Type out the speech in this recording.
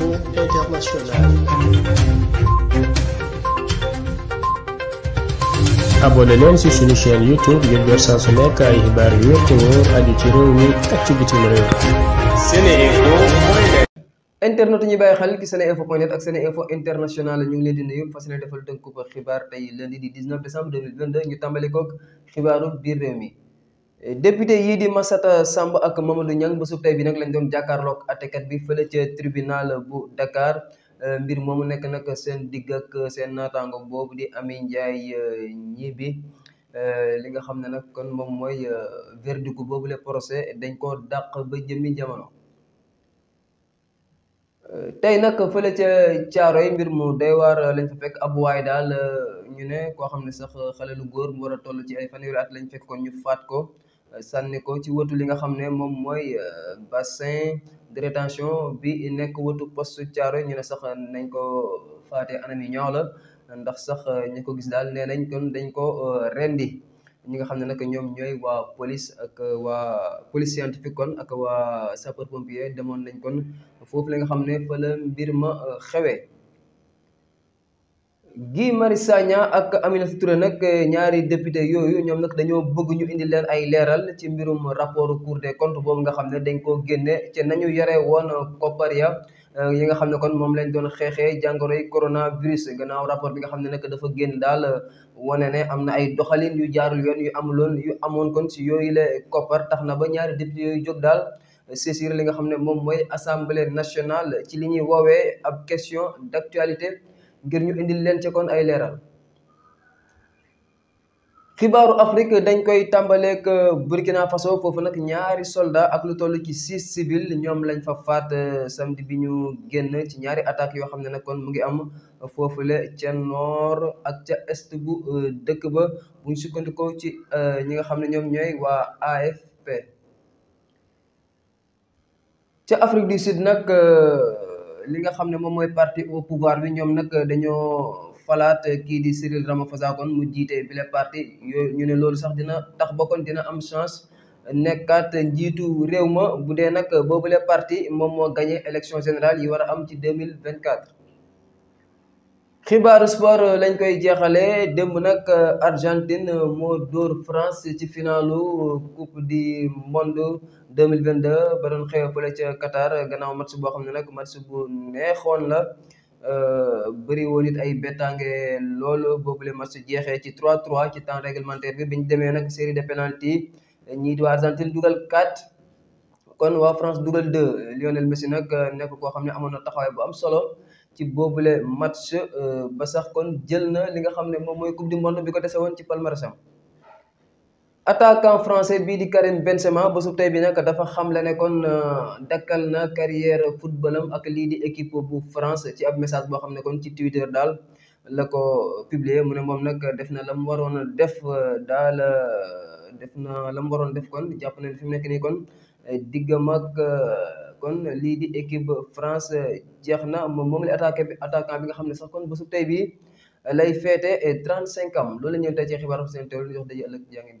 Relations internationales. abonné leen ci suñu chaîne YouTube ngir jot saa su nekk ay xibaar yu wér te ci réew mi ak ci bitim réew. internet ñu bàyyi xel ci seneinfo point net ak seneinfo international ñu ngi leen di nuyu fas yéene defal tënku ba xibaar tey lundi di 19 décembre 2022 ñu tàmbali koog xibaaru biir réew mi. député yii di Massata Samb ak Mamadou Niang ba sub bi nag lañ doon jàkkaarloog àttekat bi fële ca tribunal bu dakaar euh, mbir moomu nekk nag seen digg seen naataango boobu di Amy Ndiaye Gniby euh, euh, li nga xam ne nag kon moom mooy verdict boobu la procès dañ koo dàq ba jëmmi jamono. tey nag fële ca yi mbir mu doy waar lañ fa fekk ab waay daal ñu ne koo xam ne sax xale góor mu war toll ci ay fanweeri at lañ fekk kon ñu faat ko. sànni ko ci wëtu li nga xam ne moom mooy euh, bassin de rétention bi nekk wëtu poste Thiaro ñu ne sax nañ ko faate anam yi la ndax sax ñi ko gis daal nee nañ kon dañ ko euh, rendi ñi nga xam ne nag ñoom ñooy waa police ak waa police scientifique kon ak waa sapeur pompier demoon nañ kon foofu la nga xam ne fa mbir ma euh, xewe Guy Marius Sagna ak Aminata Touré nag eh, ñaari député yooyu ñoom nag dañoo bëgg ñu indi leen ay leeral ci mbirum rapport Cour des comptes boobu nga xam ne dañ koo génne ci nañu yore woon koppar ya eh, yi nga xam ne kon moom lañ doon xeexee jàngoroy coronavirus gannaaw rapport bi nga xam ne nag dafa génn daal eh, wane ne am na ay doxalin yu jaarul yoon yu amuloon yu amoon kon si yooyu la koppar tax na ba ñaari député yooyu jóg daal saisir li nga xam ne moom mooy assemblée nationale ci li ñuy woowee ab question d' actualité. ngir ñu indi leen ci kon ay leeral xibaaru Afrique dañ koy tàmbaleeg euh, Burkina façon foofu nag ñaari solda ak lu toll ci six civil ñoom lañ fa faat euh, samedi bi ñu génn ci ñaari attaques yoo xam ne na kon mu ngi am foofule ca noor ak ca est bu euh, dëkk ba bu ñu sukkandikoo ci ñi nga xam ne ñoom ñooy waa AFP ca Afrique du Sud nag. li nga xam ne moom mooy parti au pouvoir bi ñoom nag dañoo falaat kii di Cyril Ramaphosa kon mu jiite bile parti yooyu ñu ne loolu sax dina tax ba kon dina am chance nekkaat njiitu réew ma bu dee nag boobule parti moom moo gagné élection générale yi war a am ci deux mille vingt quatre xibaar sport lañ koy jeexale démb nag Argentine moo dóor France ci finalu coupe du monde mille vingt deux ba doon xew fële ca Qatar gannaaw match boo xam ne nag match bu neexoon la euh, bëri woon it ay bettange loolu boobule match jeexee ci 3-3 ci temps réglementaire bi biñ demee nag série de penalty ñii di waa Argentine dugal 4 kon waa France dugal 2 Lionel Messi nag nekk koo xam ne amoon na taxawaay bu am solo. ci boobu boobule match euh, ba sax kon jël na li nga xam ne moom mooy coupe du monde bi ko dese woon ci palmarèsam attaquant français bii di Karim Benzema ba su tey bi nag dafa xam xamle ne kon euh, dakkal na carrière footballam ak lii di équipe bu France ci ab message boo xam ne kon ci Twitter daal la ko publier mu ne moom nag def na la mu waroon def euh, daal def na la mu waroon def kon jàpp nañ fi mu nekk nii kon diggam ak euh, kon lii di équipe France euh, jeex na moom la attaqué bi attaquant bi nga xam ne sax kon bésu tey bii euh, lay féete 35 am loolu la ñu tey ci xibaaru seen teewlu jox daje ëllëg yaa ngeen